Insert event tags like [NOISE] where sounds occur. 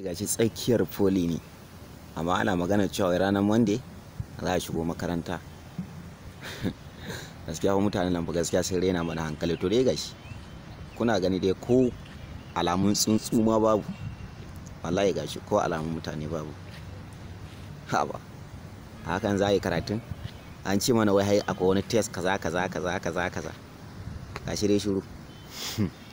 gashi tsakiyar poli ne amma ana magana cewa ranar monday za a shigo makaranta [LAUGHS] gaskiya kuma mutanen nan gaskiya sai rena mana hankali to dai gashi kuna gani dai ko alamun tsuntsu ma babu wallahi gashi ko alamun mutane babu haba hakan za a yi karatun an ce mana wai akwai wani test kaza kaza kaza kaza kaza gashi dai shuru [LAUGHS]